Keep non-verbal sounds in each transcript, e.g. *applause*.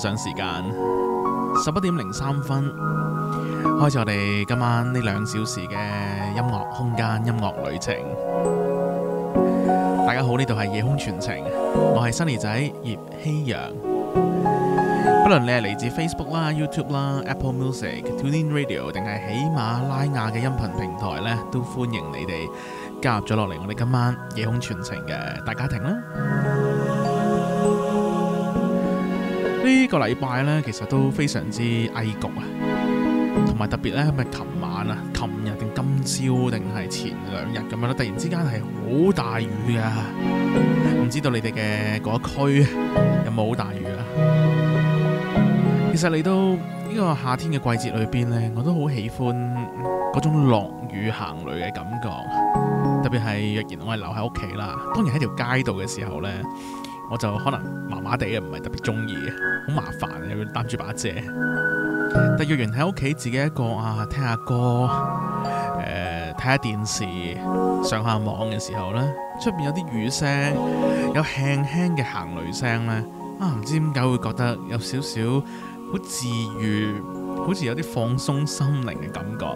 上時間，十一點零三分，開始我哋今晚呢兩小時嘅音樂空間音樂旅程。大家好，呢度係夜空傳情，我係 Sunny 仔葉希陽。不論你係嚟自 Facebook 啦、YouTube 啦、Apple Music、TuneIn Radio，定係喜馬拉雅嘅音頻平台呢，都歡迎你哋加入咗落嚟我哋今晚夜空傳情嘅大家庭啦。呢個禮拜呢，其實都非常之翳焗啊，同埋特別呢，係咪琴晚啊、琴日定今朝定係前兩日咁樣突然之間係好大雨啊。唔知道你哋嘅嗰區有冇好大雨啊？其實嚟到呢個夏天嘅季節裏邊呢，我都好喜歡嗰種落雨行雷嘅感覺，特別係若然我係留喺屋企啦，當然喺條街道嘅時候呢。我就可能麻麻地嘅，唔係特別中意，好麻煩，又要擔住把遮。但若然喺屋企自己一個啊，聽下歌，誒睇下電視，上下網嘅時候呢，出邊有啲雨聲，有輕輕嘅行雷聲呢，啊唔知點解會覺得有少少好治癒，好似有啲放鬆心靈嘅感覺。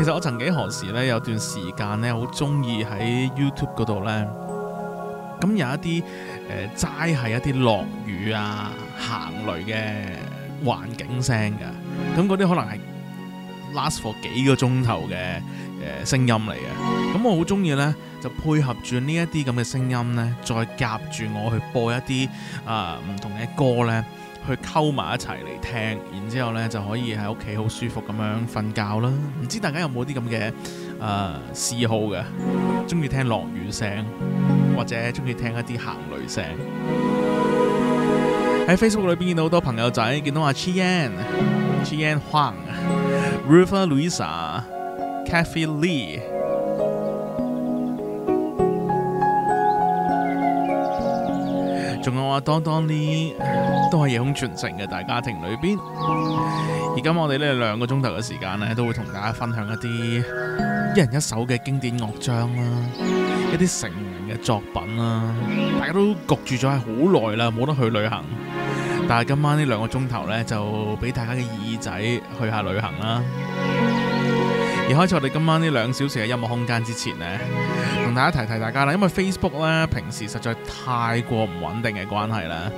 其實我曾幾何時呢，有段時間呢，好中意喺 YouTube 嗰度呢。咁有一啲誒齋係一啲落雨啊、行雷嘅環境聲㗎，咁嗰啲可能係 last for 幾個鐘頭嘅誒聲音嚟嘅。咁我好中意呢，就配合住呢一啲咁嘅聲音呢，再夾住我去播一啲啊唔同嘅歌呢，去溝埋一齊嚟聽，然之後呢，就可以喺屋企好舒服咁樣瞓覺啦。唔知大家有冇啲咁嘅誒嗜好嘅，中、呃、意聽落雨聲？或者中意聽一啲行雷聲，喺 Facebook 裏邊見到好多朋友仔，見到阿 Chian、Chian Huang、Rufa Luisa、Kathy Lu *music* Lee，仲有阿 Don Donny，都係夜空傳情嘅大家庭裏邊。而家我哋呢兩個鐘頭嘅時間呢，都會同大家分享一啲一人一首嘅經典樂章啦、啊。一啲成人嘅作品啦、啊，大家都焗住咗係好耐啦，冇得去旅行。但係今晚呢兩個鐘頭呢，就俾大家嘅耳仔去下旅行啦。而開始我哋今晚呢兩小時嘅音樂空間之前呢，同大家提提大家啦，因為 Facebook 呢，平時實在太過唔穩定嘅關係啦，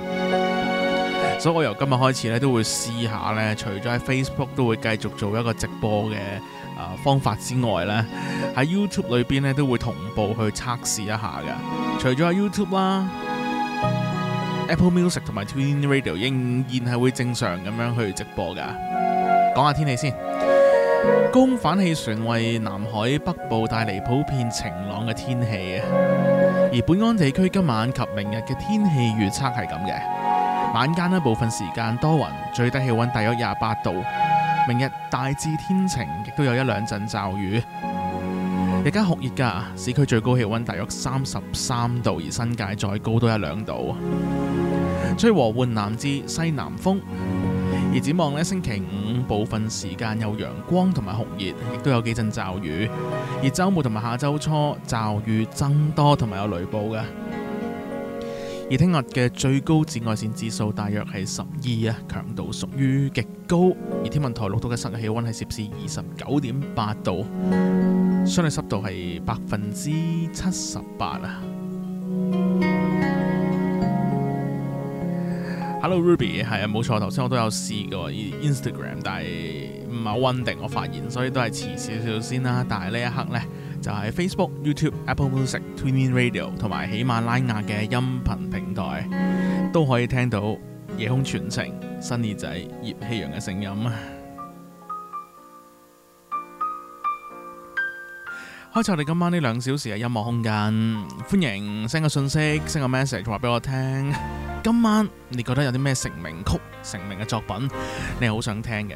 所以我由今日開始呢，都會試下呢，除咗喺 Facebook 都會繼續做一個直播嘅。啊方法之外咧，喺 YouTube 裏邊咧都會同步去測試一下嘅。除咗 YouTube 啦，Apple Music 同埋 Twin Radio 仍然係會正常咁樣去直播噶。講下天氣先，高反氣旋為南海北部帶嚟普遍晴朗嘅天氣啊。而本港地區今晚及明日嘅天氣預測係咁嘅，晚間咧，部分時間多雲，最低氣溫大約廿八度。明日大致天晴，亦都有一兩陣驟雨，日間酷熱㗎，市區最高氣溫大約三十三度，而新界再高多一兩度，吹和緩南至西南風。而展望呢，星期五部分時間有陽光同埋酷熱，亦都有幾陣驟雨，而周末同埋下周初驟雨增多同埋有雷暴嘅。而聽日嘅最高紫外線指數大約係十二啊，強度屬於極高。而天文台錄到嘅室氣溫係攝氏二十九點八度，相對濕度係百分之七十八啊。Hello Ruby，係啊，冇錯，頭先我都有試過 Instagram，但係唔係好穩定，我發現，所以都係遲少少先啦。但係呢一刻呢。就喺 Facebook、YouTube、Apple Music、TuneIn Radio 同埋喜馬拉雅嘅音頻平台都可以聽到夜空傳情新耳仔葉希陽嘅聲音啊！開始我哋今晚呢兩小時嘅音樂空間，歡迎 send 個信息 send 個 message 話俾我聽，今晚你覺得有啲咩成名曲、成名嘅作品你好想聽嘅？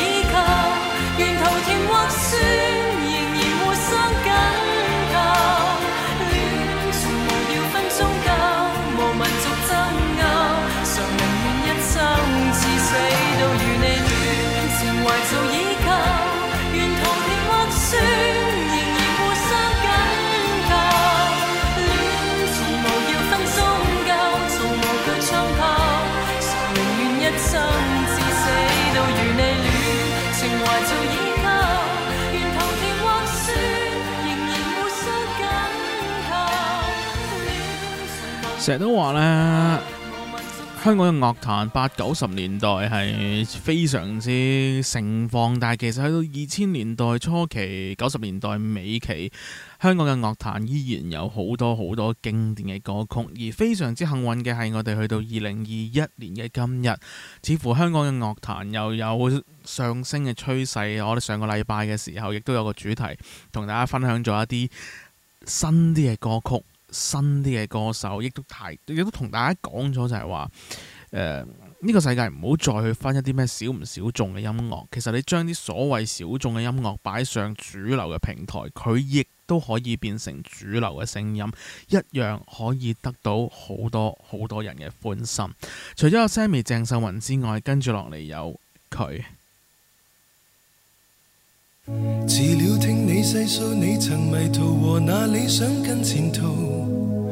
成日都話呢，香港嘅樂壇八九十年代係非常之盛放，但係其實去到二千年代初期，九十年代尾期，香港嘅樂壇依然有好多好多經典嘅歌曲。而非常之幸運嘅係，我哋去到二零二一年嘅今日，似乎香港嘅樂壇又有上升嘅趨勢。我哋上個禮拜嘅時候，亦都有個主題同大家分享咗一啲新啲嘅歌曲。新啲嘅歌手，亦都提，亦都同大家講咗，就係話：誒，呢個世界唔好再去分一啲咩小唔小眾嘅音樂。其實你將啲所謂小眾嘅音樂擺上主流嘅平台，佢亦都可以變成主流嘅聲音，一樣可以得到好多好多人嘅歡心。除咗阿 Sammy 鄭秀文之外，跟住落嚟有佢。遲了聽你細訴，你曾迷途和那理想跟前途。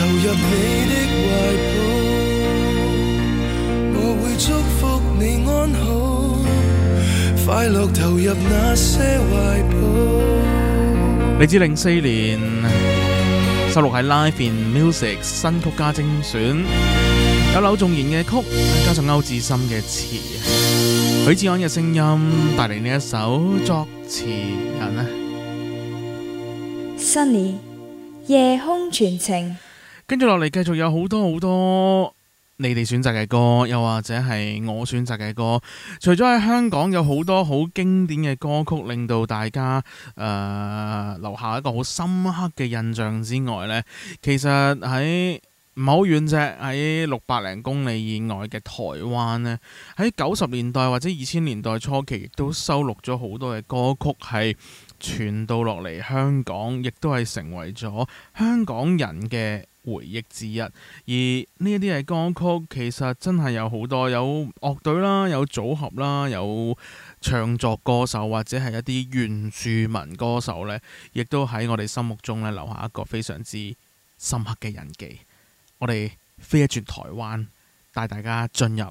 好。嚟自零四年，收錄喺《Live in Music》新曲加精選，有柳重言嘅曲，加上歐志深嘅詞，許志安嘅聲音帶嚟呢一首作詞人呢？Sunny 夜空傳情。跟住落嚟，繼續有好多好多你哋選擇嘅歌，又或者係我選擇嘅歌。除咗喺香港有好多好經典嘅歌曲，令到大家誒、呃、留下一個好深刻嘅印象之外呢，其實喺唔好遠啫，喺六百零公里以外嘅台灣呢，喺九十年代或者二千年代初期，亦都收錄咗好多嘅歌曲，係傳到落嚟香港，亦都係成為咗香港人嘅回憶之一，而呢一啲係歌曲，其實真係有好多，有樂隊啦，有組合啦，有唱作歌手，或者係一啲原住民歌手呢，亦都喺我哋心目中呢，留下一個非常之深刻嘅印記。我哋飛一轉台灣，帶大家進入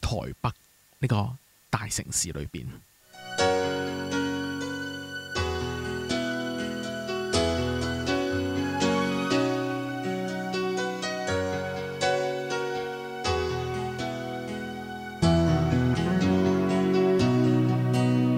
台北呢個大城市裏邊。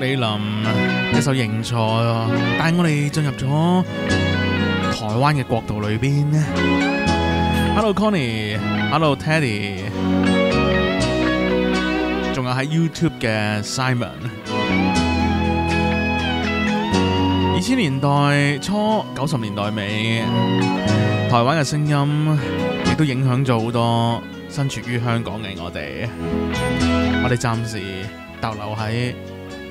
李林一首《認錯》，帶我哋進入咗台灣嘅國度裏邊。Hello Connie，Hello Teddy，仲有喺 YouTube 嘅 Simon。二千年代初，九十年代尾，台灣嘅聲音亦都影響咗好多身處於香港嘅我哋。我哋暫時逗留喺。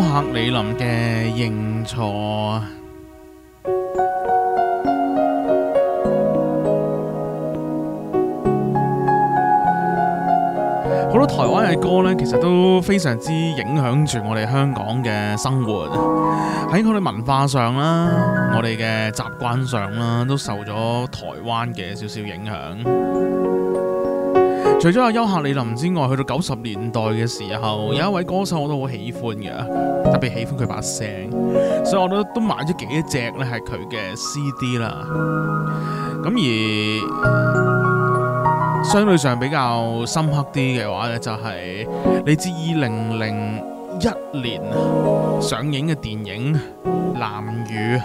客李林嘅認錯，好多台灣嘅歌呢，其實都非常之影響住我哋香港嘅生活。喺我哋文化上啦，我哋嘅習慣上啦，都受咗台灣嘅少少影響。除咗阿優客李林之外，去到九十年代嘅時候，有一位歌手我都好喜歡嘅，特別喜歡佢把聲，所以我都都買咗幾隻咧，係佢嘅 CD 啦。咁而相對上比較深刻啲嘅話咧，就係你知二零零一年上映嘅電影《藍雨》，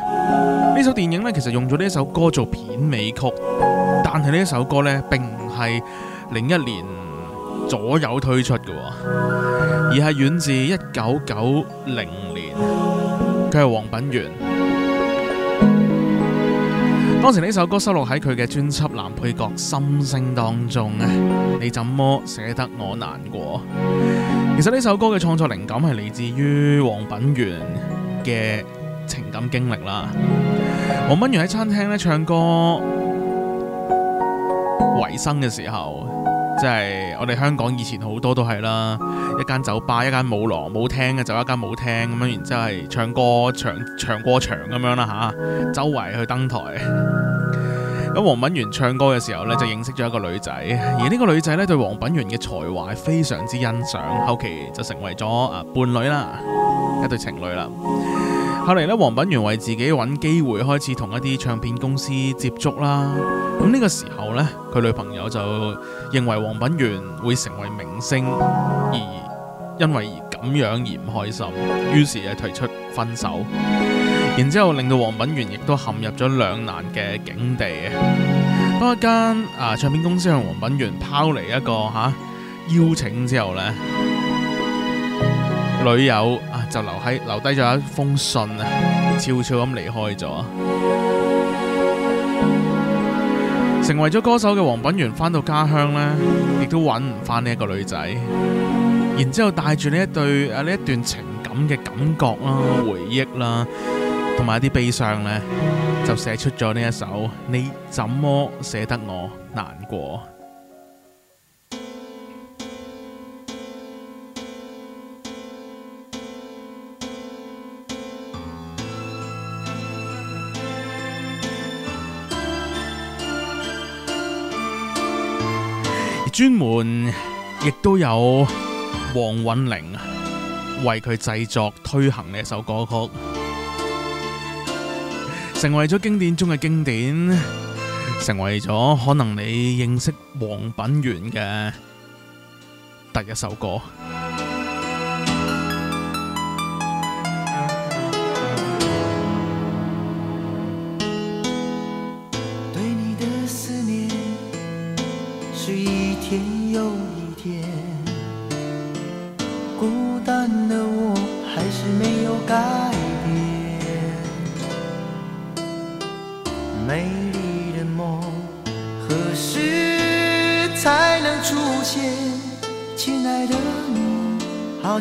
呢首電影咧其實用咗呢一首歌做片尾曲，但係呢一首歌咧並唔係。零一年左右推出嘅，而係源自一九九零年，佢係黃品源。當時呢首歌收錄喺佢嘅專輯《男配角心聲》當中，你怎麼捨得我難過？其實呢首歌嘅創作靈感係嚟自於黃品源嘅情感經歷啦。黃品源喺餐廳咧唱歌為生嘅時候。即係我哋香港以前好多都係啦，一間酒吧、一間舞廊、舞廳嘅就一間舞廳咁樣，然之後係唱歌、唱唱歌場咁樣啦吓，周圍去登台。咁 *laughs* 黃品源唱歌嘅時候呢，就認識咗一個女仔，而呢個女仔呢，對黃品源嘅才華非常之欣賞，後期就成為咗啊伴侶啦，一對情侶啦。後嚟咧，黃品源為自己揾機會，開始同一啲唱片公司接觸啦。咁呢個時候呢，佢女朋友就認為黃品源會成為明星，而因為咁樣而唔開心，於是就提出分手。然之後令到黃品源亦都陷入咗兩難嘅境地。當一間啊唱片公司向黃品源拋嚟一個吓邀請之後呢，女友啊，就留喺留低咗一封信啊，悄悄咁離開咗，成為咗歌手嘅黃品源翻到家鄉呢，亦都揾唔翻呢一個女仔，然之後帶住呢一對啊呢一段情感嘅感覺啦、啊、回憶啦、啊，同埋一啲悲傷呢，就寫出咗呢一首《你怎麼捨得我難過》。專門亦都有黃韻玲為佢製作推行呢一首歌曲，成為咗經典中嘅經典，成為咗可能你認識黃品源嘅第一首歌。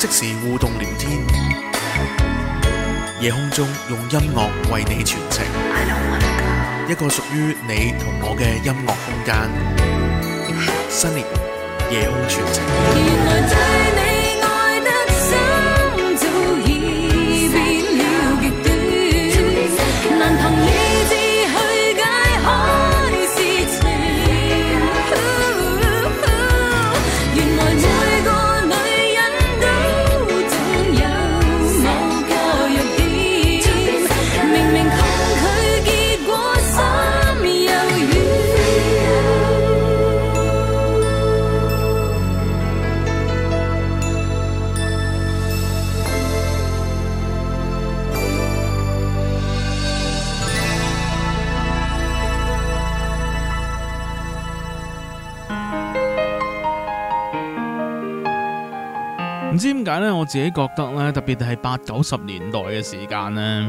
即時互動聊天，夜空中用音樂為你傳情，一個屬於你同我嘅音樂空間，新年，夜空傳情。唔知點解咧？我自己覺得咧，特別係八九十年代嘅時間呢，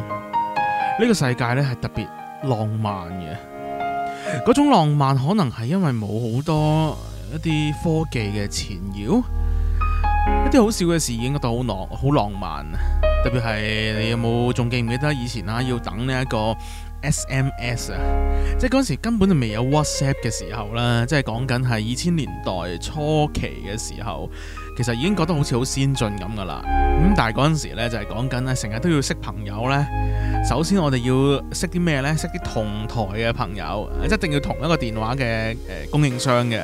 呢個世界咧係特別浪漫嘅。嗰種浪漫可能係因為冇好多一啲科技嘅纏繞，一啲好小嘅事已經覺得好浪好浪漫。特別係你有冇仲記唔記得以前啊？要等呢一個 SMS 啊，即係嗰時根本就未有 WhatsApp 嘅時候啦。即係講緊係二千年代初期嘅時候。其實已經覺得好似好先進咁噶啦，咁但係嗰陣時咧就係講緊咧，成日都要識朋友呢。首先我哋要識啲咩呢？識啲同台嘅朋友，一定要同一個電話嘅，誒，供應商嘅，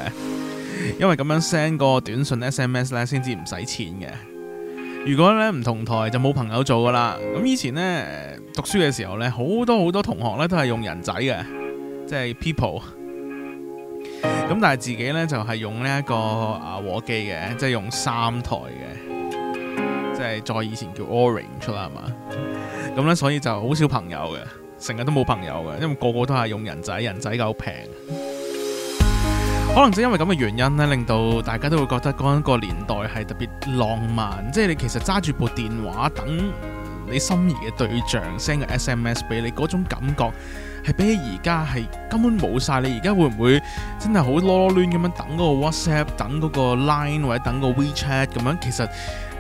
因為咁樣 send 個短信 SMS 呢，先至唔使錢嘅。如果呢唔同台就冇朋友做噶啦。咁以前呢，讀書嘅時候呢，好多好多同學呢都係用人仔嘅，即係 people。咁但係自己呢，就係、是、用呢、這、一個啊和機嘅，即係用三台嘅，即係再以前叫 Orange 啦，係嘛？咁呢，所以就好少朋友嘅，成日都冇朋友嘅，因為個個都係用人仔，人仔夠平。 *laughs* 可能就是因為咁嘅原因呢，令到大家都會覺得嗰一個年代係特別浪漫，即係 *laughs* 你其實揸住部電話等你心儀嘅對象 send 個 SMS 俾你，嗰種感覺。係比起而家係根本冇晒。你而家會唔會真係好囉囉攣咁樣等嗰個 WhatsApp、等嗰個 Line 或者等個 WeChat 咁樣？其實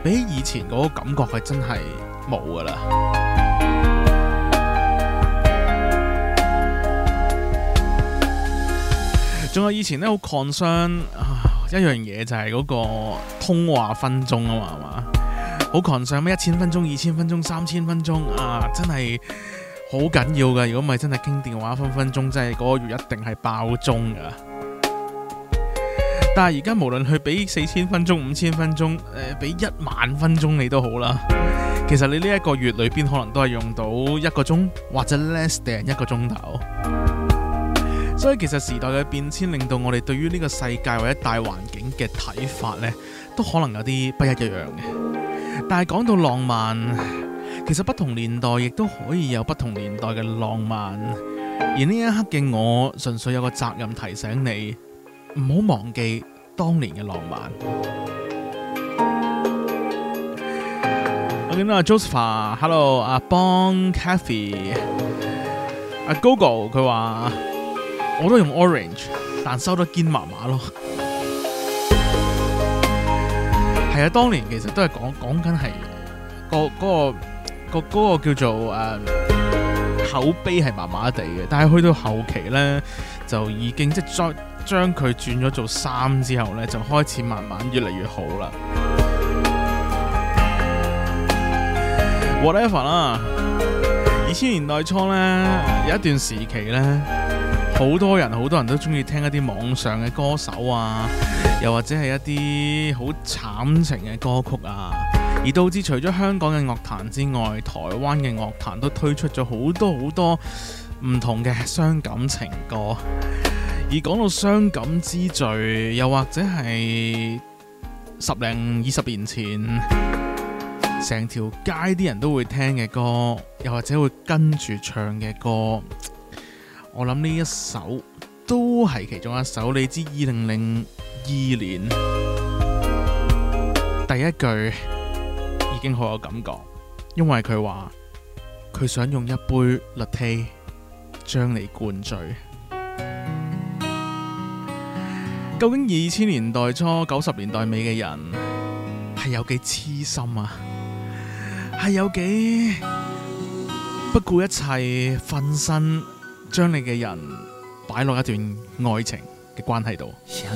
比起以前嗰個感覺係真係冇噶啦。仲有以前呢，好 concern 啊，一樣嘢就係嗰個通話分鐘啊嘛，係嘛？好 concern 咩？一千分鐘、二千分鐘、三千分鐘啊，真係～好緊要噶如果唔係真係傾電話，分分鐘真係嗰個月一定係爆鐘噶。但係而家無論佢俾四千分鐘、五千分鐘，誒俾一萬分鐘你都好啦。其實你呢一個月裏邊可能都係用到一個鐘或者 less than 一個鐘頭。所以其實時代嘅變遷令到我哋對於呢個世界或者大環境嘅睇法，呢，都可能有啲不一一樣嘅。但係講到浪漫。其實不同年代亦都可以有不同年代嘅浪漫，而呢一刻嘅我，純粹有個責任提醒你，唔好忘記當年嘅浪漫。我見到阿 Joseph，Hello，阿 Bon，Cathy，阿 Gogo 佢話，Go, 佢話我都用 Orange，但收得堅麻麻咯。係啊，當年其實都係講講緊係個嗰個。個個個叫做誒、啊、口碑係麻麻地嘅，但係去到後期呢，就已經即將佢轉咗做三之後呢，就開始慢慢越嚟越好啦。Whatever 啦、啊，二千年代初呢，有一段時期呢，好多人好多人都中意聽一啲網上嘅歌手啊，又或者係一啲好慘情嘅歌曲啊。而導致除咗香港嘅樂壇之外，台灣嘅樂壇都推出咗好多好多唔同嘅傷感情歌。而講到傷感之最，又或者係十零二十年前，成條街啲人都會聽嘅歌，又或者會跟住唱嘅歌，我諗呢一首都係其中一首。你知二零零二年第一句。已經好有感覺，因為佢話佢想用一杯 latte 將你灌醉。究竟二千年代初，九十年代尾嘅人係有幾癡心啊？係有幾不顧一切瞓身將你嘅人擺落一段愛情嘅關係度？想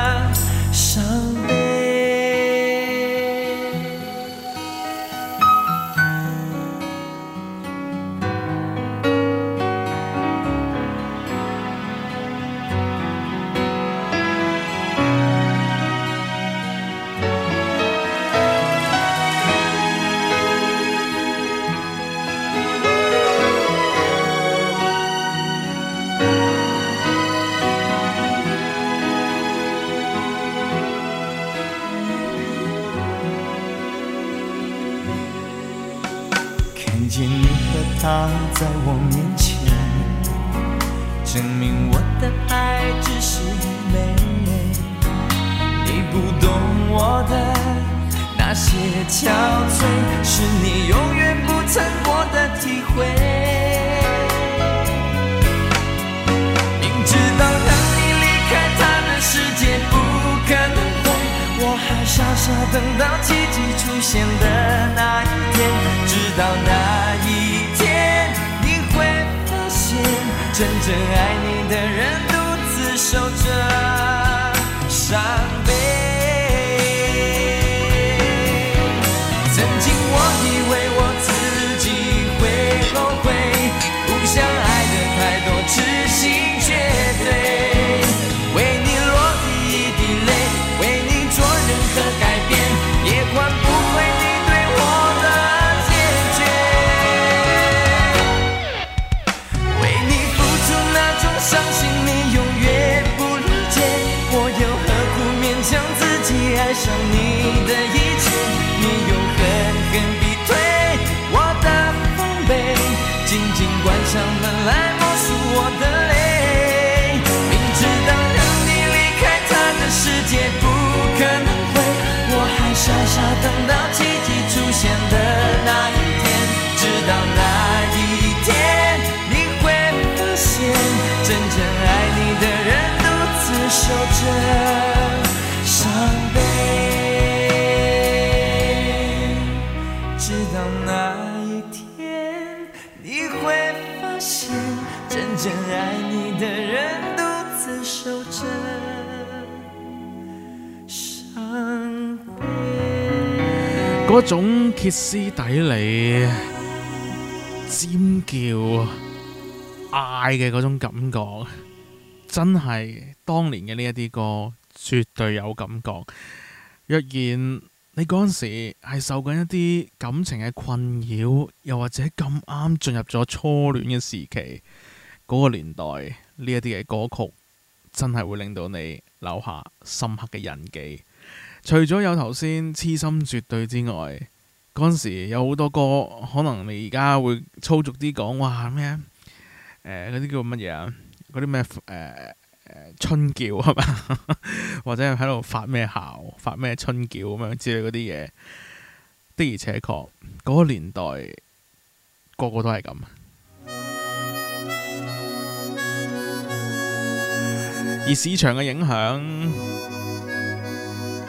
嗰種歇斯底里、尖叫、嗌嘅嗰種感覺，真係當年嘅呢一啲歌絕對有感覺。若然你嗰陣時係受緊一啲感情嘅困擾，又或者咁啱進入咗初戀嘅時期，嗰個年代呢一啲嘅歌曲，真係會令到你留下深刻嘅印記。除咗有頭先痴心絕對之外，嗰陣時有好多歌，可能你而家會粗俗啲講話咩？誒嗰啲叫乜嘢啊？嗰啲咩誒誒春叫？係嘛？ *laughs* 或者喺度發咩姣？發咩春叫？咁樣之類嗰啲嘢的，的而且確嗰、那個年代個個都係咁。 *music* 而市場嘅影響。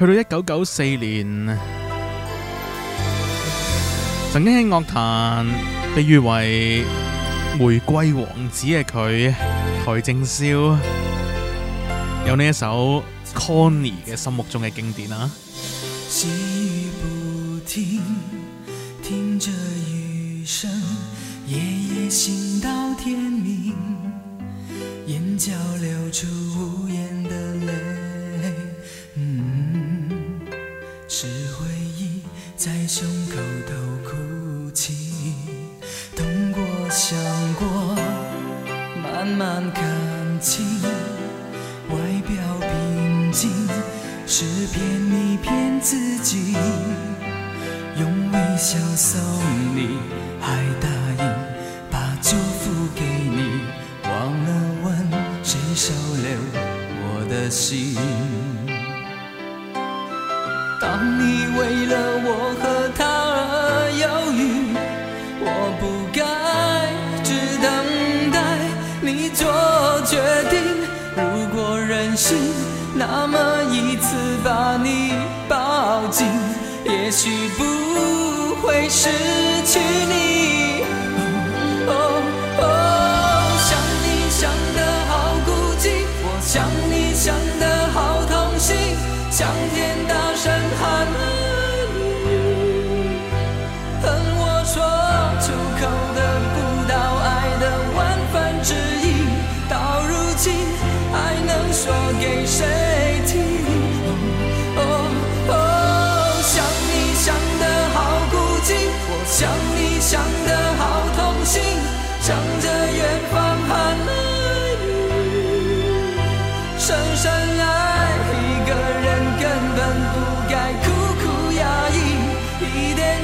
去到一九九四年，曾經喺樂壇被譽為玫瑰王子嘅佢，邰正宵，有呢一首《Connie》嘅心目中嘅經典啊！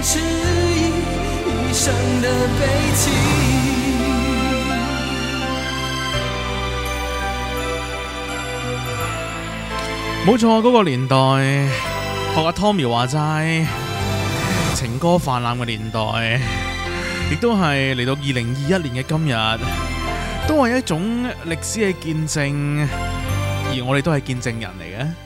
一生的悲，冇錯，嗰、那個年代，學阿 Tommy 話齋，情歌泛濫嘅年代，亦都係嚟到二零二一年嘅今日，都係一種歷史嘅見證，而我哋都係見證人嚟嘅。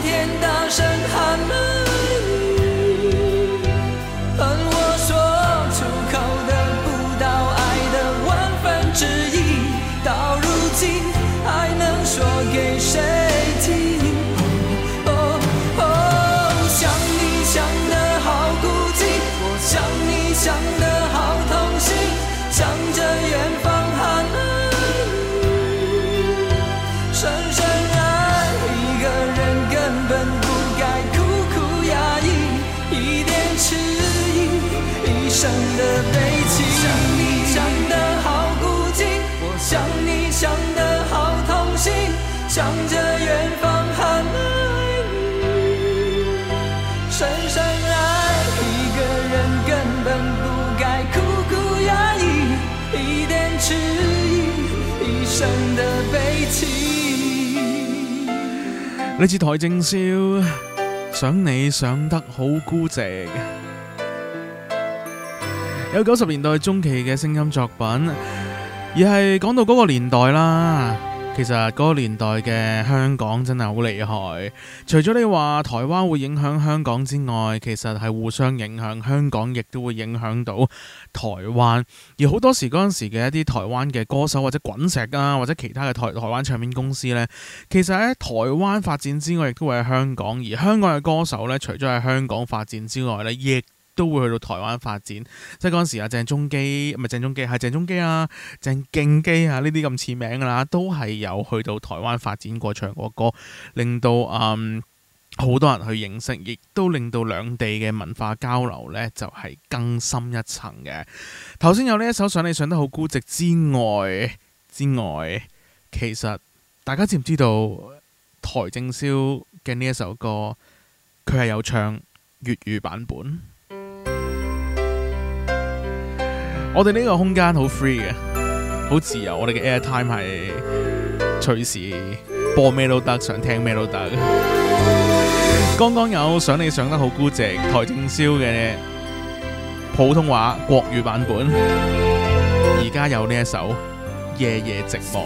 你似台正少，想你想得好孤寂，有九十年代中期嘅聲音作品，而係講到嗰個年代啦。其實嗰個年代嘅香港真係好厲害，除咗你話台灣會影響香港之外，其實係互相影響，香港亦都會影響到台灣。而好多時嗰陣時嘅一啲台灣嘅歌手或者滾石啊，或者其他嘅台台灣唱片公司呢，其實喺台灣發展之外，亦都會喺香港。而香港嘅歌手呢，除咗喺香港發展之外呢，亦都會去到台灣發展，即係嗰陣時啊，鄭中基唔係鄭中基係鄭中基啊，鄭敬基啊，呢啲咁似名㗎啦，都係有去到台灣發展過，唱過歌，令到啊好、嗯、多人去認識，亦都令到兩地嘅文化交流呢就係、是、更深一層嘅。頭先有呢一首《想你想得好孤寂》之外之外，其實大家知唔知道邰正宵嘅呢一首歌佢係有唱粵語版本？我哋呢個空間好 free 嘅，好自由。我哋嘅 airtime 係隨時播咩都得，想聽咩都得。剛剛有想你想得好孤寂，台正宵嘅普通話國語版本，而家有呢一首夜夜寂寞。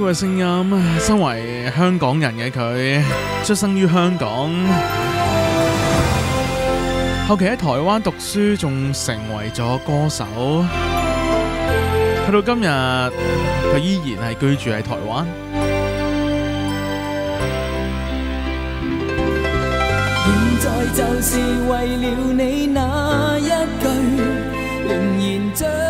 呢個聲音，身為香港人嘅佢，出生於香港，後期喺台灣讀書，仲成為咗歌手，去到今日，佢依然係居住喺台灣。現在就是為了你那一句，仍然將。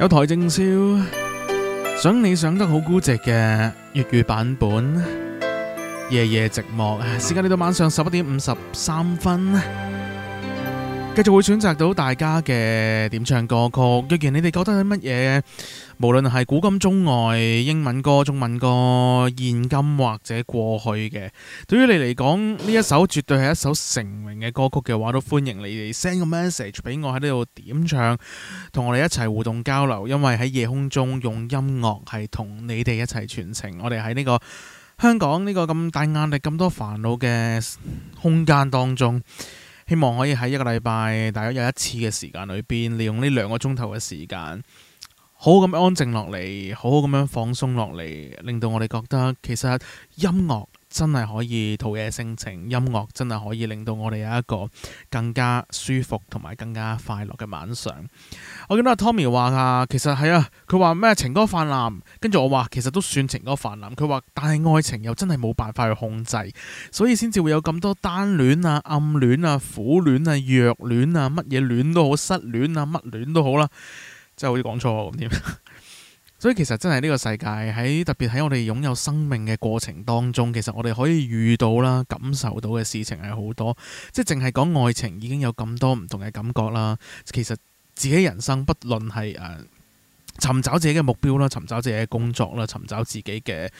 有台正少想你想得好孤寂嘅粵語版本，夜夜寂寞。時間嚟到晚上十一點五十三分。就會選擇到大家嘅點唱歌曲，若然你哋覺得係乜嘢，無論係古今中外、英文歌、中文歌、現今或者過去嘅，對於你嚟講呢一首絕對係一首成名嘅歌曲嘅話，都歡迎你哋 send 個 message 俾我喺呢度點唱，同我哋一齊互動交流。因為喺夜空中用音樂係同你哋一齊傳情。我哋喺呢個香港呢個咁大壓力、咁多煩惱嘅空間當中。希望可以喺一個禮拜大約有一次嘅時間裏邊，利用呢兩個鐘頭嘅時間，好好咁樣安靜落嚟，好好咁樣放鬆落嚟，令到我哋覺得其實音樂，真係可以陶冶性情，音樂真係可以令到我哋有一個更加舒服同埋更加快樂嘅晚上。我見到阿 Tommy 話啊，其實係啊，佢話咩情歌氾濫，跟住我話其實都算情歌氾濫。佢話但係愛情又真係冇辦法去控制，所以先至會有咁多單戀啊、暗戀啊、苦戀啊、弱戀啊、乜嘢戀都好、失戀啊、乜戀都好啦。真係好似講錯咁添。所以其實真係呢個世界喺特別喺我哋擁有生命嘅過程當中，其實我哋可以遇到啦、感受到嘅事情係好多。即係淨係講愛情已經有咁多唔同嘅感覺啦。其實自己人生，不論係誒尋找自己嘅目標啦、尋找自己嘅工作啦、尋找自己嘅誒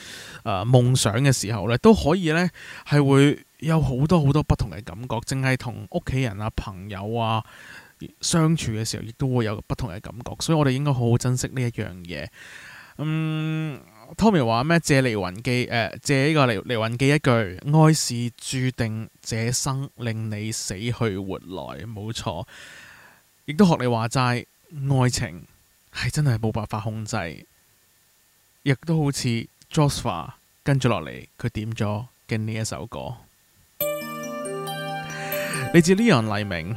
夢想嘅時候咧，都可以咧係會有好多好多不同嘅感覺。淨係同屋企人啊、朋友啊，相處嘅時候，亦都會有不同嘅感覺，所以我哋應該好好珍惜呢一樣嘢。嗯，Tommy 話咩？借《離雲記》誒、呃，借呢個《離離雲記》一句，愛是注定這生令你死去活來，冇錯。亦都學你話齋，愛情係真係冇辦法控制，亦都好似 Joseph 跟住落嚟，佢點咗嘅呢一首歌。你知呢樣黎明？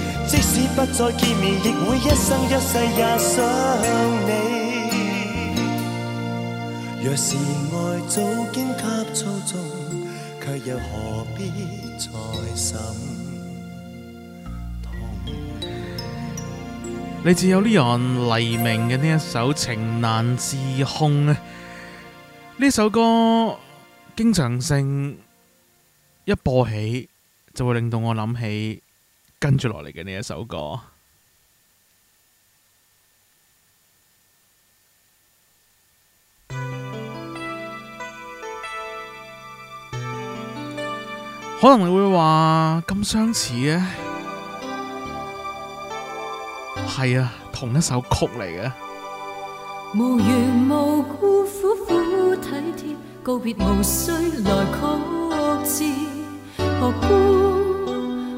即使不再見面，亦會一生一世也想你若。若是愛早經給操縱，卻又何必再心痛？來自有呢 e 黎明嘅呢一首《情難自控》呢首歌經常性一播起，就會令到我諗起。跟住落嚟嘅呢一首歌，可能你會話咁相似嘅。係啊，同一首曲嚟嘅。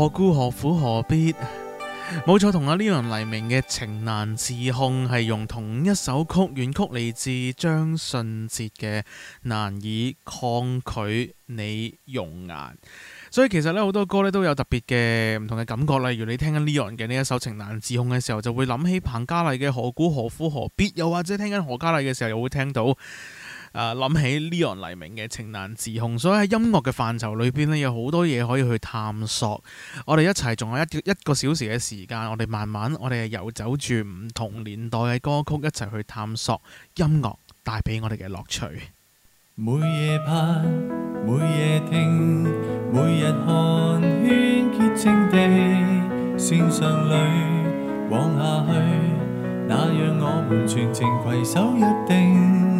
何故何苦何必？冇錯，同阿 Leon 黎明嘅《情難自控》係用同一首曲，原曲嚟自張信哲嘅《難以抗拒你容顏》。所以其實咧，好多歌咧都有特別嘅唔同嘅感覺。例如你聽緊 Leon 嘅呢一首《情難自控》嘅時候，就會諗起彭家麗嘅《何故何苦何必》，又或者聽緊何嘉麗嘅時候，又會聽到。誒諗、啊、起 Leon 黎明嘅情難自控，所以喺音樂嘅範疇裏邊呢，有好多嘢可以去探索。我哋一齊仲有一一個小時嘅時間，我哋慢慢，我哋遊走住唔同年代嘅歌曲，一齊去探索音樂帶俾我哋嘅樂趣。每夜拍，每夜聽，每日看圈，圈潔淨地線上裏往下去，那讓我們全程攜手約定。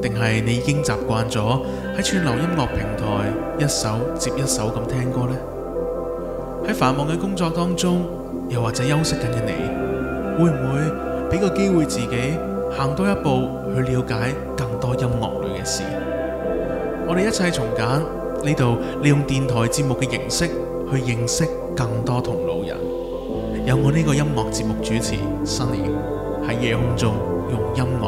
定係你已經習慣咗喺串流音樂平台一首接一首咁聽歌呢？喺繁忙嘅工作當中，又或者休息緊嘅你，會唔會俾個機會自己行多一步去了解更多音樂類嘅事？我哋一切從簡呢度，利用電台節目嘅形式去認識更多同路人。有我呢個音樂節目主持，Sunny 喺夜空中用音樂。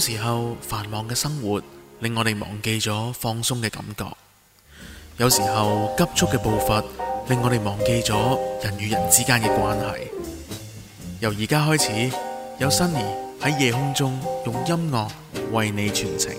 有時候繁忙嘅生活令我哋忘記咗放鬆嘅感覺，有時候急促嘅步伐令我哋忘記咗人與人之間嘅關係。由而家開始，有 Sunny 喺夜空中用音樂為你傳情。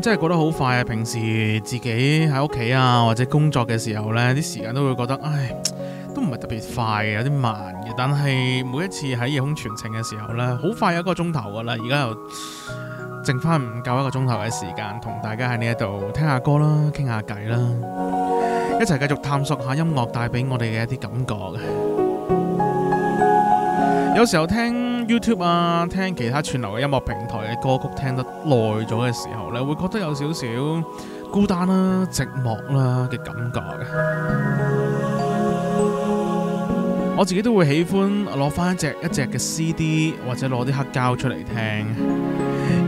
真係過得好快啊！平時自己喺屋企啊，或者工作嘅時候咧，啲時間都會覺得，唉，都唔係特別快嘅，有啲慢嘅。但係每一次喺夜空全程嘅時候咧，好快一個鐘頭噶啦，而家又剩翻唔夠一個鐘頭嘅時間，同大家喺呢一度聽下歌啦，傾下偈啦，一齊繼續探索下音樂帶俾我哋嘅一啲感覺。嘅。有時候聽。YouTube 啊，聽其他串流嘅音樂平台嘅歌曲聽得耐咗嘅時候呢，會覺得有少少孤單啦、寂寞啦嘅感覺嘅。我自己都會喜歡攞翻一隻一隻嘅 CD 或者攞啲黑膠出嚟聽，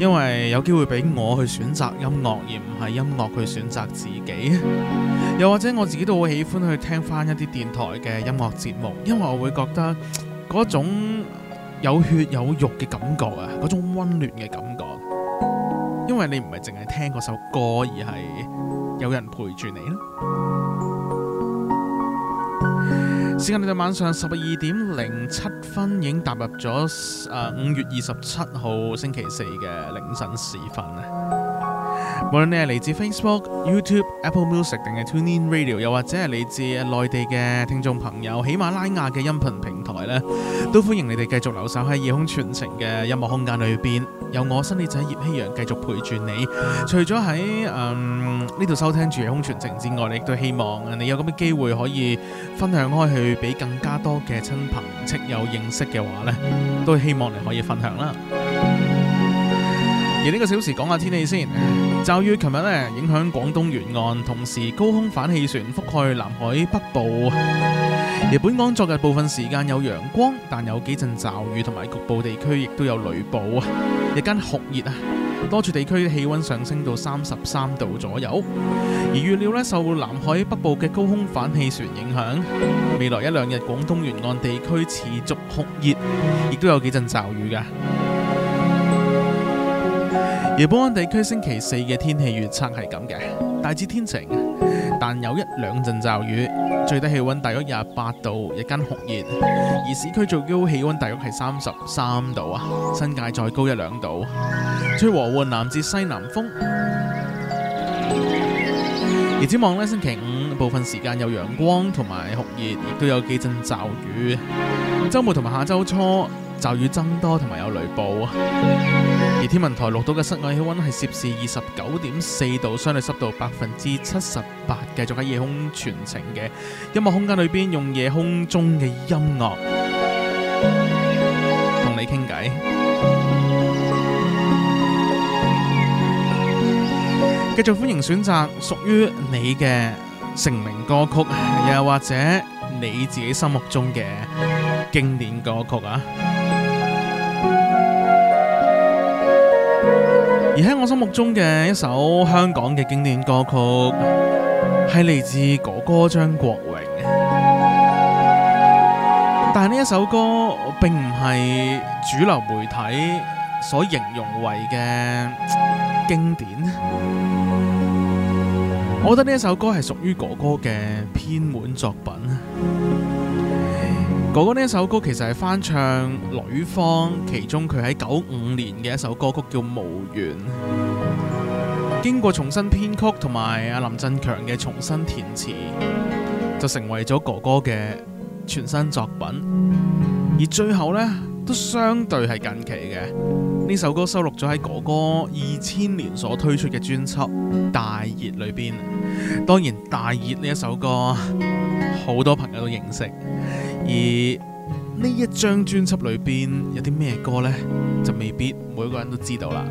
因為有機會俾我去選擇音樂，而唔係音樂去選擇自己。又或者我自己都會喜歡去聽翻一啲電台嘅音樂節目，因為我會覺得嗰種。有血有肉嘅感覺啊，嗰種溫暖嘅感覺，因為你唔係淨係聽嗰首歌，而係有人陪住你啦。時間嚟到晚上十二點零七分，已經踏入咗誒五月二十七號星期四嘅凌晨時分啦。無論你係嚟自 Facebook、YouTube、Apple Music 定係 TuneIn Radio，又或者係嚟自內地嘅聽眾朋友，喜馬拉雅嘅音頻平台呢，都歡迎你哋繼續留守喺夜空傳情嘅音樂空間裏邊，有我新李仔葉希揚繼續陪住你。除咗喺嗯呢度收聽住夜空傳情之外，你亦都希望你有咁嘅機會可以分享開去，俾更加多嘅親朋戚友認識嘅話呢，都希望你可以分享啦。而呢個小時講下天氣先。就於琴日咧，影響廣東沿岸，同時高空反氣旋覆蓋南海北部。而本港昨日部分時間有陽光，但有幾陣驟雨，同埋局部地區亦都有雷暴啊。日間酷熱啊，多處地區氣溫上升到三十三度左右。而預料咧，受南海北部嘅高空反氣旋影響，未來一兩日廣東沿岸地區持續酷熱，亦都有幾陣驟雨㗎。而本港地區星期四嘅天氣預測係咁嘅，大致天晴，但有一兩陣驟雨，最低氣温大約廿八度，日間酷熱，而市區最高氣温大約係三十三度啊，新界再高一兩度，吹和緩南至西南風。而展望呢星期五部分時間有陽光同埋酷熱，亦都有幾陣驟雨。周末同埋下周初。驟雨增多同埋有雷暴，而天文台錄到嘅室外氣溫係攝氏二十九點四度，相對濕度百分之七十八。繼續喺夜空傳情嘅音樂空間裏邊，用夜空中嘅音樂同你傾偈。繼續歡迎選擇屬於你嘅成名歌曲，又或者你自己心目中嘅經典歌曲啊！而喺我心目中嘅一首香港嘅經典歌曲，係嚟自哥哥張國榮。但係呢一首歌並唔係主流媒體所形容為嘅經典。我覺得呢一首歌係屬於哥哥嘅偏門作品。哥哥呢首歌其實係翻唱女方其中佢喺九五年嘅一首歌曲叫《無緣》，經過重新編曲同埋阿林振強嘅重新填詞，就成為咗哥哥嘅全新作品。而最後呢，都相對係近期嘅。呢首歌收錄咗喺哥哥二千年所推出嘅專輯《大熱》裏面。當然，《大熱》呢一首歌好多朋友都認識。而呢一張專輯裏邊有啲咩歌呢？就未必每個人都知道啦。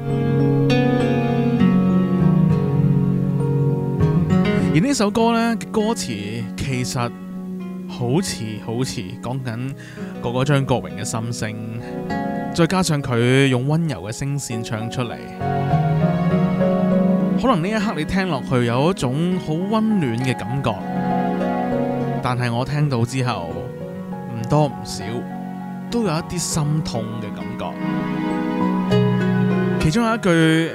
而呢首歌呢，歌詞其實好似好似，講緊嗰個張國榮嘅心聲，再加上佢用溫柔嘅聲線唱出嚟，可能呢一刻你聽落去有一種好溫暖嘅感覺，但係我聽到之後。多唔少，都有一啲心痛嘅感覺。其中有一句：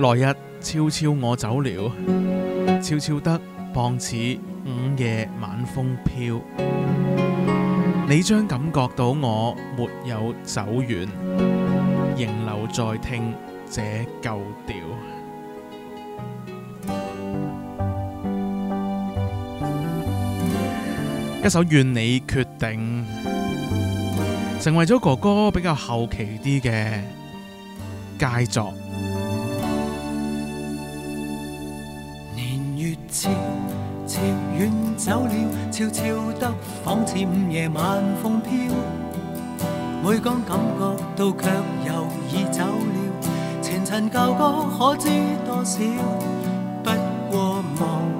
來日悄悄我走了，悄悄得彷似午夜晚風飄。你將感覺到我沒有走遠，仍留在聽這舊調。一首願你決定，成為咗哥哥比較後期啲嘅佳作。年月悄悄遠走了，悄悄得仿似午夜晚風飄。每當感覺到，卻又已走了。前塵舊歌可知多少？不過夢。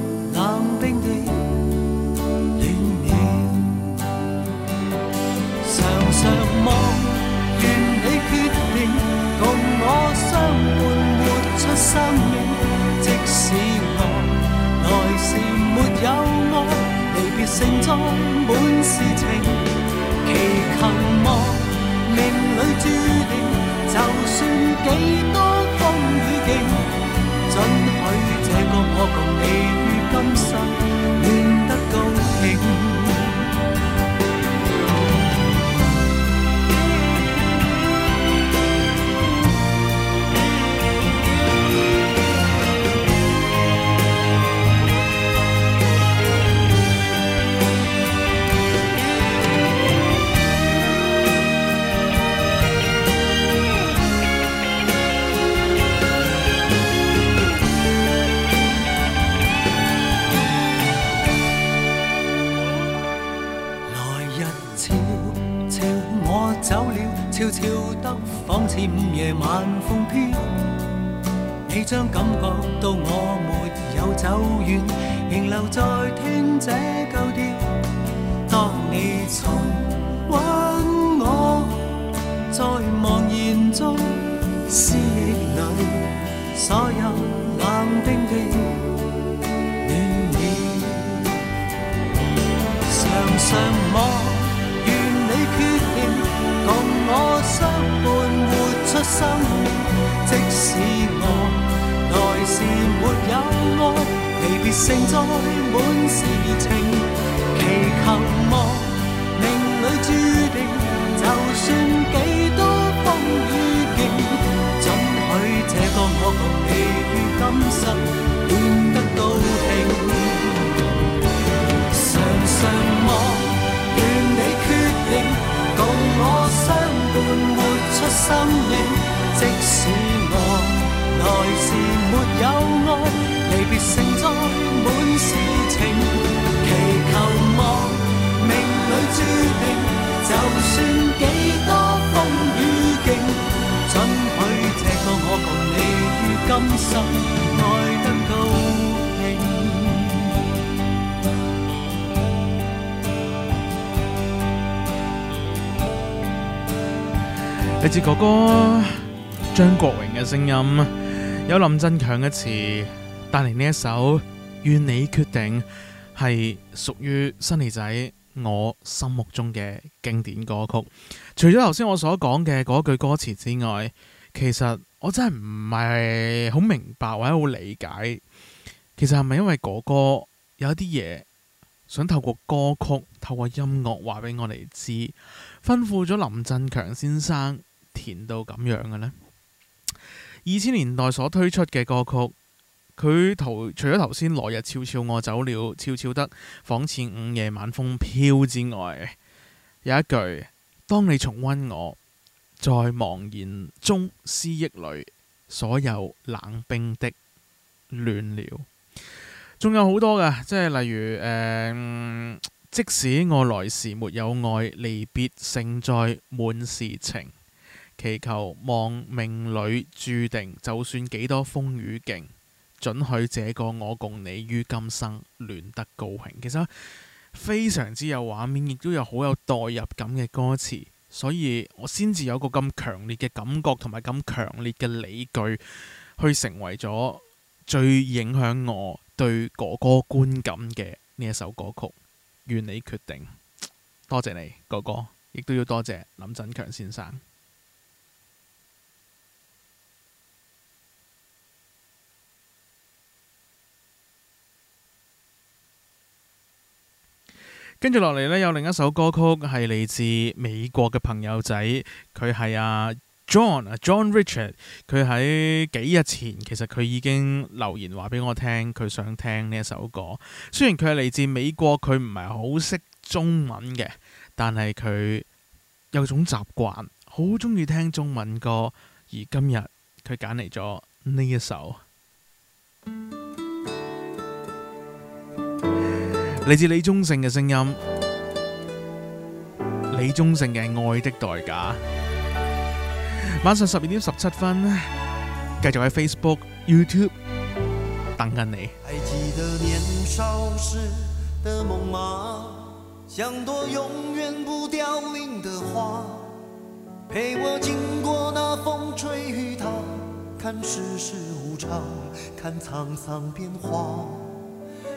有林振強嘅詞，帶嚟呢一首《願你決定》係屬於新嚟仔我心目中嘅經典歌曲。除咗頭先我所講嘅嗰句歌詞之外，其實我真係唔係好明白或者好理解，其實係咪因為哥哥有啲嘢想透過歌曲、透過音樂話俾我哋知，吩咐咗林振強先生填到咁樣嘅呢？二千年代所推出嘅歌曲，佢頭除咗頭先來日悄悄我走了，悄悄得仿似午夜晚風飄之外，有一句當你重溫我，在茫然中思憶裏所有冷冰的亂了，仲有好多嘅，即係例如誒、嗯，即使我來時沒有愛，離別勝在滿是情。祈求望命裏注定，就算幾多風雨勁，準許這個我共你於今生戀得高興，其實非常之有畫面，亦都有好有代入感嘅歌詞，所以我先至有個咁強烈嘅感覺，同埋咁強烈嘅理據，去成為咗最影響我對哥哥觀感嘅呢一首歌曲。願你決定，多謝你哥哥，亦都要多謝林振強先生。跟住落嚟呢，有另一首歌曲係嚟自美國嘅朋友仔，佢係阿 John，阿 John Richard，佢喺幾日前，其實佢已經留言話俾我聽，佢想聽呢一首歌。雖然佢係嚟自美國，佢唔係好識中文嘅，但係佢有一種習慣，好中意聽中文歌，而今日佢揀嚟咗呢一首。嚟自李宗盛嘅聲音，李宗盛嘅《愛的代價》。晚上十二點十七分繼續喺 Facebook、YouTube 等緊你。還記得年少時的夢嗎，像朵永遠不凋零的花，陪我經過那風吹雨打，看世事無常，看滄桑變化。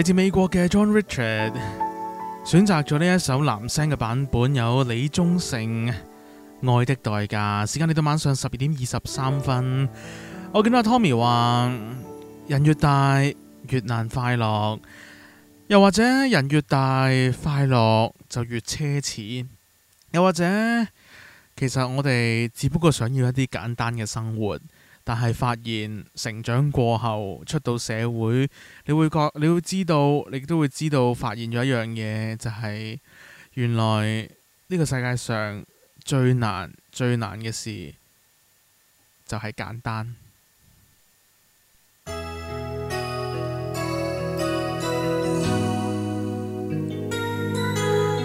嚟自美國嘅 John Richard 選擇咗呢一首男聲嘅版本，有李宗盛《愛的代價》。時間嚟到晚上十二點二十三分，我見到 Tommy 話：人越大越難快樂，又或者人越大快樂就越奢侈，又或者其實我哋只不過想要一啲簡單嘅生活。但係發現成長過後出到社會，你會覺，你會知道，你都會知道發現咗一樣嘢，就係原來呢個世界上最難、最難嘅事就係簡單。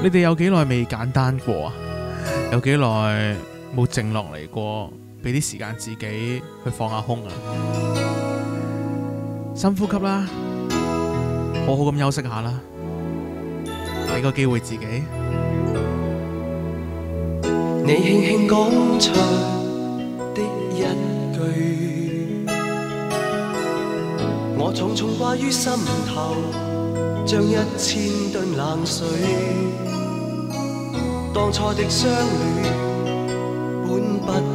你哋有幾耐未簡單過啊？有幾耐冇靜落嚟過？俾啲時間自己去放下空啊，深呼吸啦，好好咁休息下啦，俾個機會自己。你輕輕講出的一句，我重重掛於心頭，像一千噸冷水。當初的相遇本不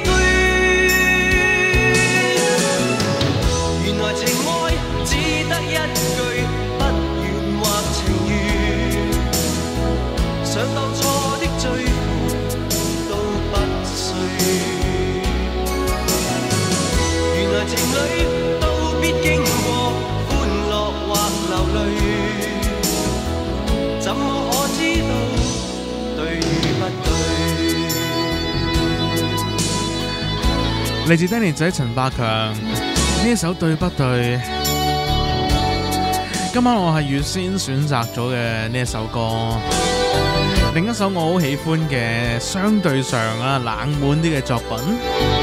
都必經過歡樂或流淚，怎可知道。嚟自 Danny 仔陳百強，呢一首對不對？對不對，今晚我係預先選擇咗嘅呢一首歌，另一首我好喜歡嘅相對上啊冷門啲嘅作品。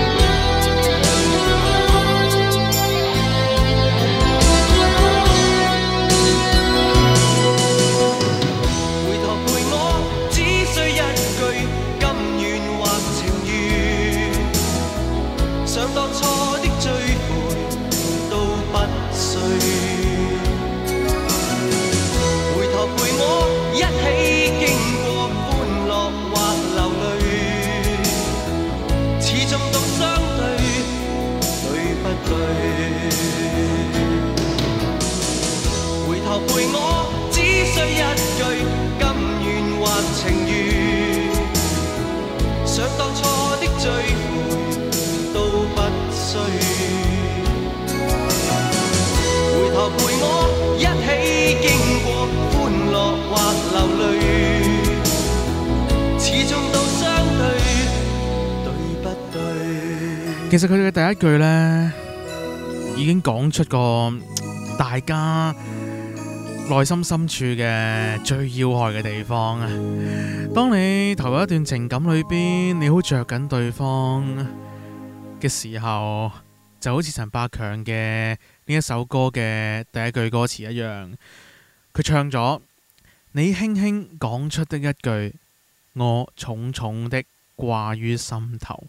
其實佢哋嘅第一句呢，已經講出過大家內心深處嘅最要害嘅地方啊！當你投入一段情感裏邊，你好着緊對方嘅時候，就好似陳百強嘅呢一首歌嘅第一句歌詞一樣，佢唱咗：你輕輕講出的一句，我重重的掛於心頭。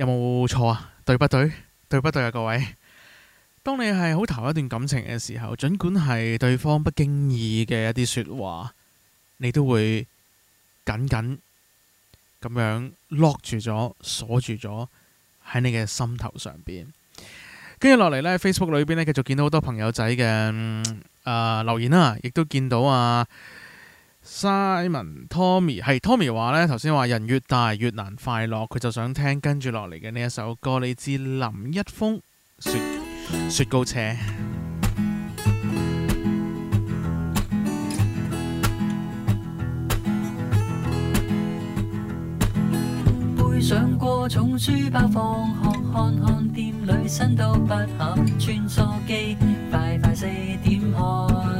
有冇錯啊？對不對？對不對啊？各位，當你係好頭一段感情嘅時候，盡管係對方不經意嘅一啲說話，你都會緊緊咁樣 lock 住咗，鎖住咗喺你嘅心頭上邊。跟住落嚟呢 Facebook 裏邊呢繼續見到好多朋友仔嘅誒、呃、留言啦，亦都見到啊。Simon Tommy,、Tommy，係 Tommy 話咧，頭先話人越大越難快樂，佢就想聽跟住落嚟嘅呢一首歌。你知林一峰《雪雪糕車》背上過重書包放學，看看,看店裏新到不可穿梭機，快快四點開。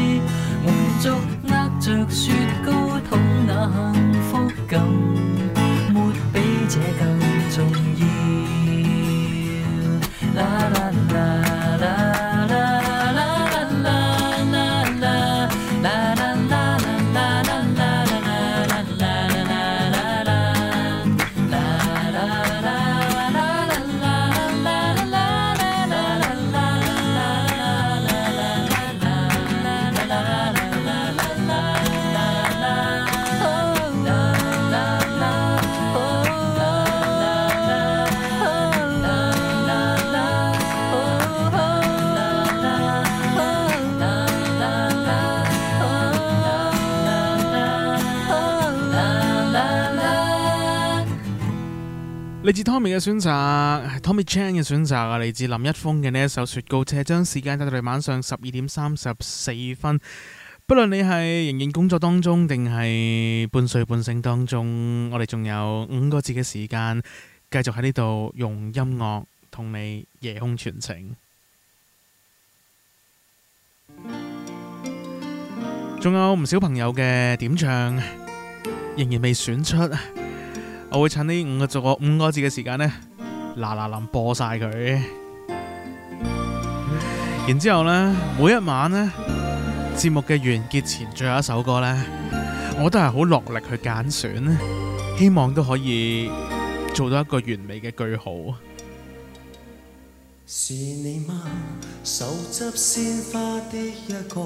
嚟自 Tommy 嘅選擇，係 Tommy Chan 嘅選擇啊！嚟自林一峰嘅呢一首雪糕車，將時間帶到嚟晚上十二點三十四分。不論你係仍然工作當中，定係半睡半醒當中，我哋仲有五個字嘅時間，繼續喺呢度用音樂同你夜空傳情。仲有唔少朋友嘅點唱，仍然未選出。我會趁呢五個仲有五個字嘅時間呢，嗱嗱臨播晒佢。然之後呢，每一晚呢，節目嘅完結前最後一首歌呢，我都係好落力去揀選，希望都可以做到一個完美嘅句號。是你嗎？手執鮮花的一個。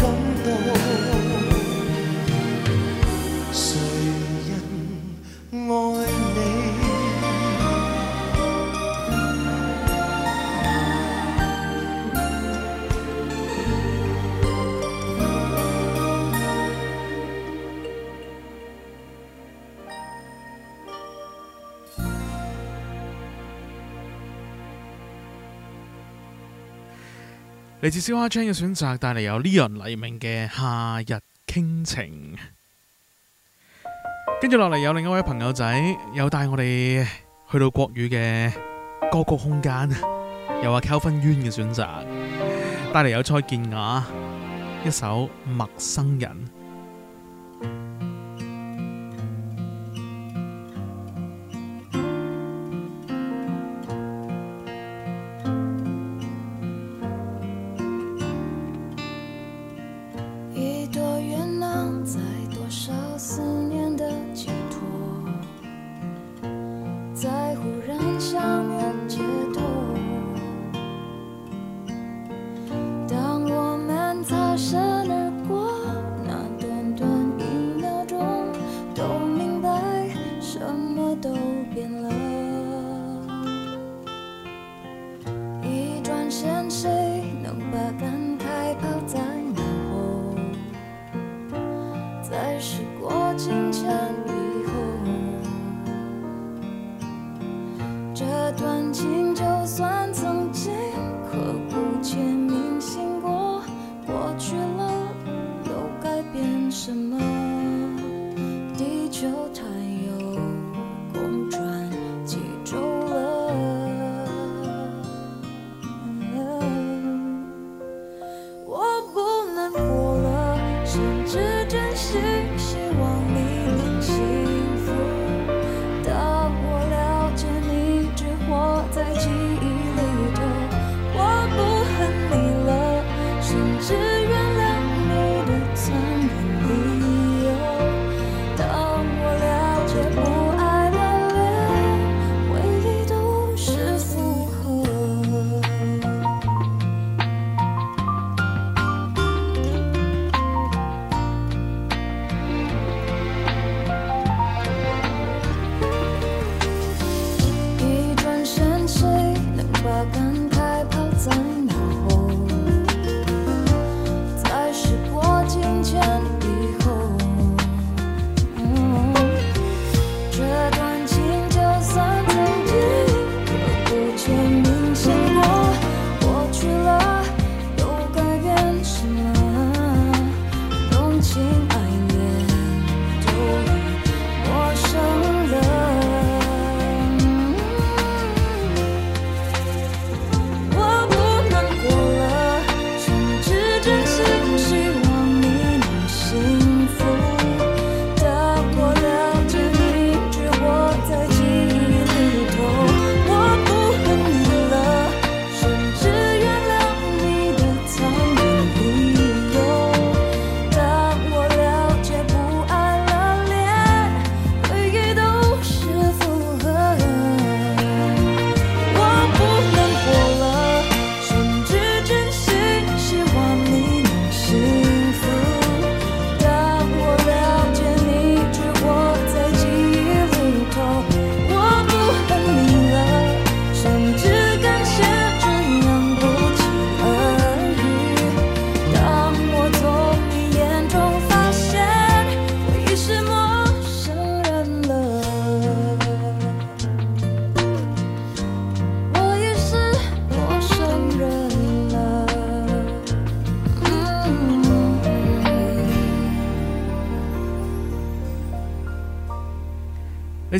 嚟自小花張嘅選擇，帶嚟有 Leon 黎明嘅夏日傾情，跟住落嚟有另一位朋友仔，又帶我哋去到國語嘅歌曲空間，又話 Calvin Yuen 嘅選擇，帶嚟有蔡健雅一首陌生人。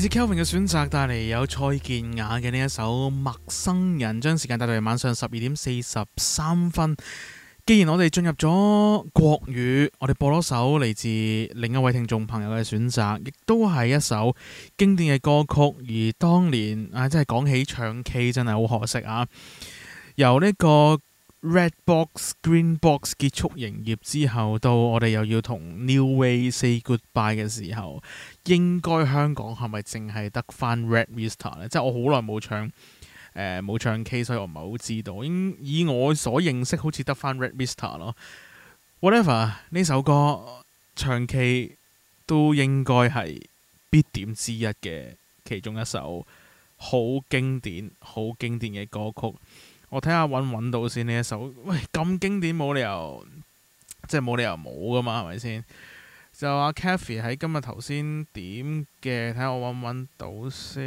來自 Kelvin 嘅選擇帶嚟有蔡健雅嘅呢一首《陌生人》，將時間帶到嚟晚上十二點四十三分。既然我哋進入咗國語，我哋播多首嚟自另一位聽眾朋友嘅選擇，亦都係一首經典嘅歌曲。而當年啊，真係講起唱 K 真係好可惜啊！由呢個 Red Box、Green Box 結束營業之後，到我哋又要同 New Way Say Goodbye 嘅時候。應該香港係咪淨係得翻 Red MR 呢？即係我好耐冇唱誒冇唱 K，所以我唔係好知道。應以我所認識，好似得翻 Red MR 咯。Whatever，呢首歌唱 K 都應該係必點之一嘅其中一首好經典、好經典嘅歌曲。我睇下揾揾到先呢一首。喂，咁經典冇理由，即係冇理由冇㗎嘛？係咪先？就阿 Kathy 喺今日頭先點嘅，睇下我揾唔揾到先，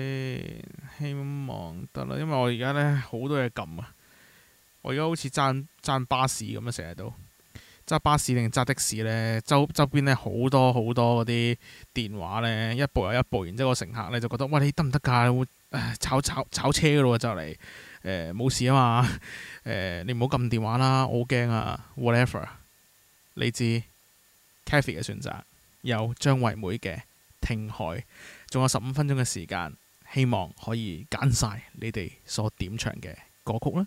希望得啦。因為我而家咧好多嘢撳啊，我而家好似揸揸巴士咁啊，成日都揸巴士定揸的士咧。周周邊咧好多好多嗰啲電話咧，一部又一部，然之後個乘客咧就覺得，喂，你得唔得㗎？會唉，炒炒炒車㗎咯喎，就嚟誒冇事啊嘛，誒、呃、你唔好撳電話啦，我好驚啊，whatever，你知。Cathy 嘅選擇有張惠妹嘅《聽海》，仲有十五分鐘嘅時間，希望可以揀晒你哋所點唱嘅歌曲啦。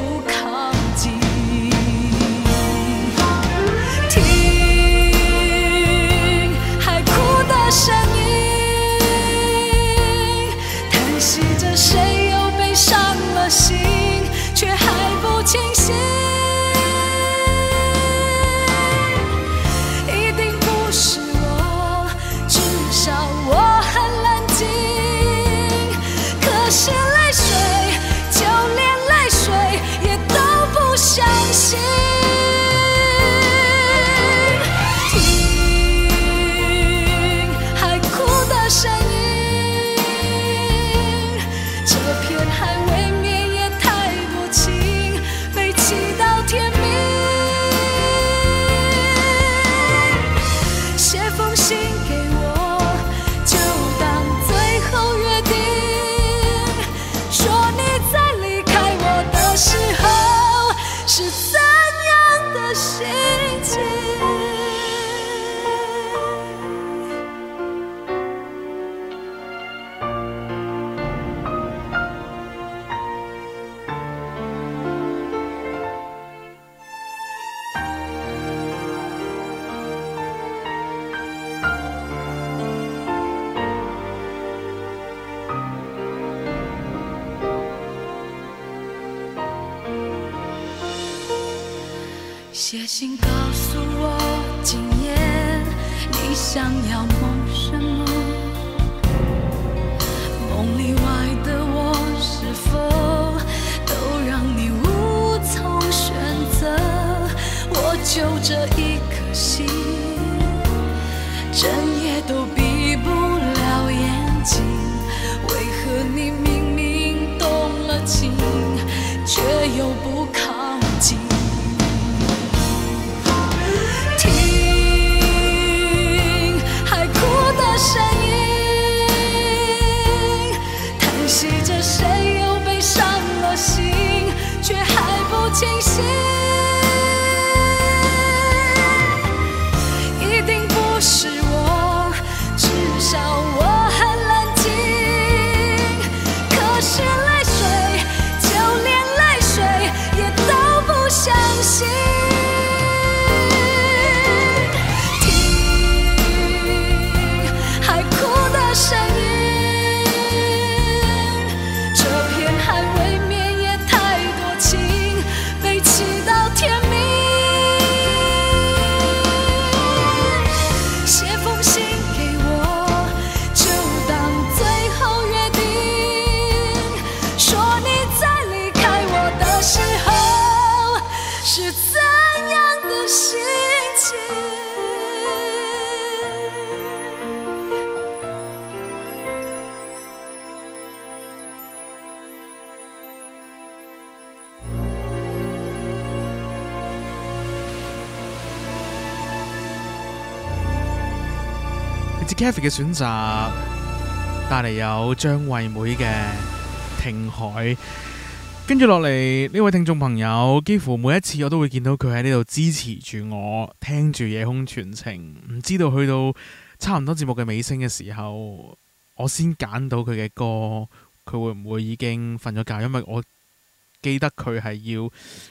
Cafe 嘅選擇帶嚟有張惠妹嘅聽海，跟住落嚟，呢位聽眾朋友，幾乎每一次我都會見到佢喺呢度支持住我，聽住夜空全程。唔知道去到差唔多節目嘅尾聲嘅時候，我先揀到佢嘅歌，佢會唔會已經瞓咗覺？因為我記得佢係要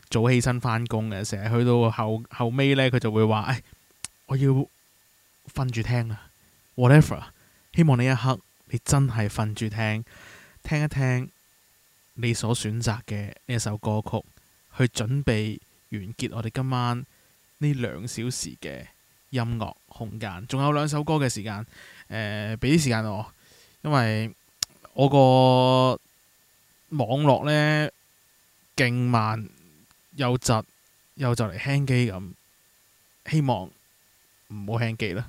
早起身翻工嘅，成日去到後後尾呢，佢就會話：誒，我要瞓住聽啊！Whatever，希望呢一刻你真係瞓住聽，聽一聽你所選擇嘅呢一首歌曲，去準備完結我哋今晚呢兩小時嘅音樂空間。仲有兩首歌嘅時間，誒、呃，俾啲時間我，因為我個網絡咧勁慢又窒又就嚟 hang 機咁，希望唔好 hang 機啦。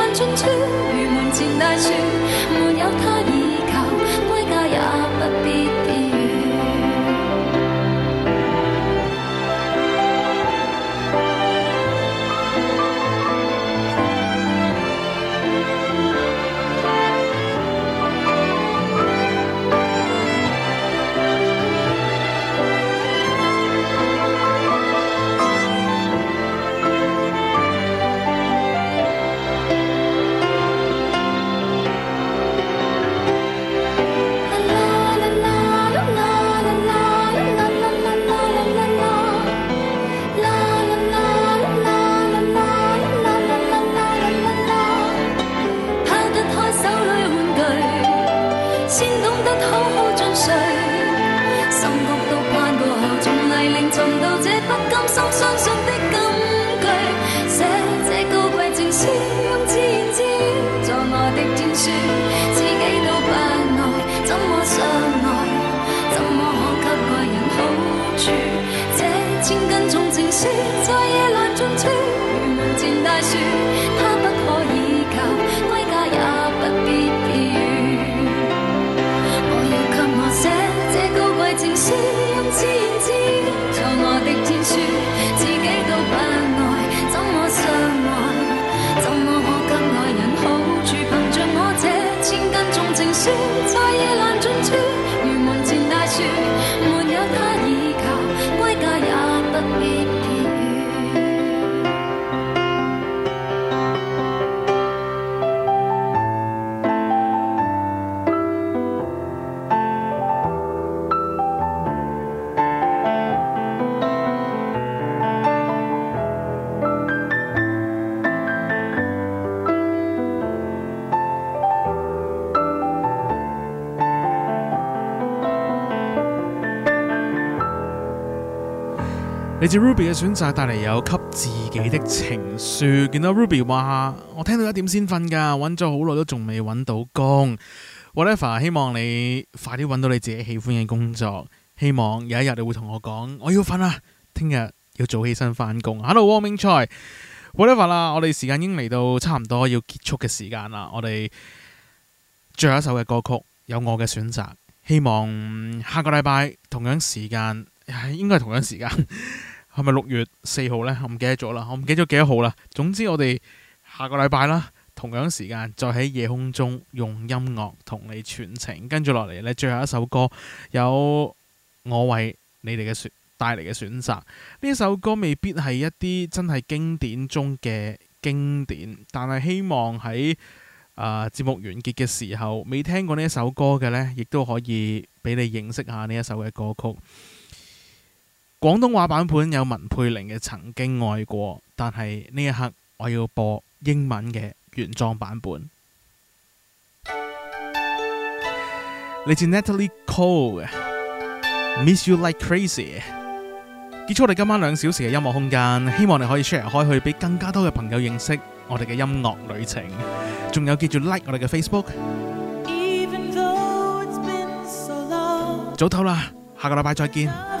接 Ruby 嘅選擇帶嚟有給自己的情書，見到 Ruby 話：我聽到一點先瞓噶，揾咗好耐都仲未揾到工。Whatever，希望你快啲揾到你自己喜歡嘅工作。希望有一日你會同我講：我要瞓啦，聽日要早起身翻工。Hello，汪明荃，Whatever 啦，我哋時間已經嚟到差唔多要結束嘅時間啦。我哋最後一首嘅歌曲有我嘅選擇，希望下個禮拜同樣時間，應該係同樣時間。 *laughs* 係咪六月四號呢？我唔記得咗啦，我唔記得咗幾多號啦。總之我哋下個禮拜啦，同樣時間再喺夜空中用音樂同你傳情。跟住落嚟呢，最後一首歌有我為你哋嘅選帶嚟嘅選擇。呢首歌未必係一啲真係經典中嘅經典，但係希望喺啊、呃、節目完結嘅時候，未聽過呢一首歌嘅呢，亦都可以俾你認識一下呢一首嘅歌曲。廣東話版本有文佩玲嘅《曾經愛過》，但係呢一刻我要播英文嘅原裝版本。嚟自 Natalie Cole，Miss You Like Crazy。結束我哋今晚兩小時嘅音樂空間，希望你可以 share 開去，俾更加多嘅朋友認識我哋嘅音樂旅程。仲有記住 like 我哋嘅 Facebook。早唞啦，下個禮拜再見。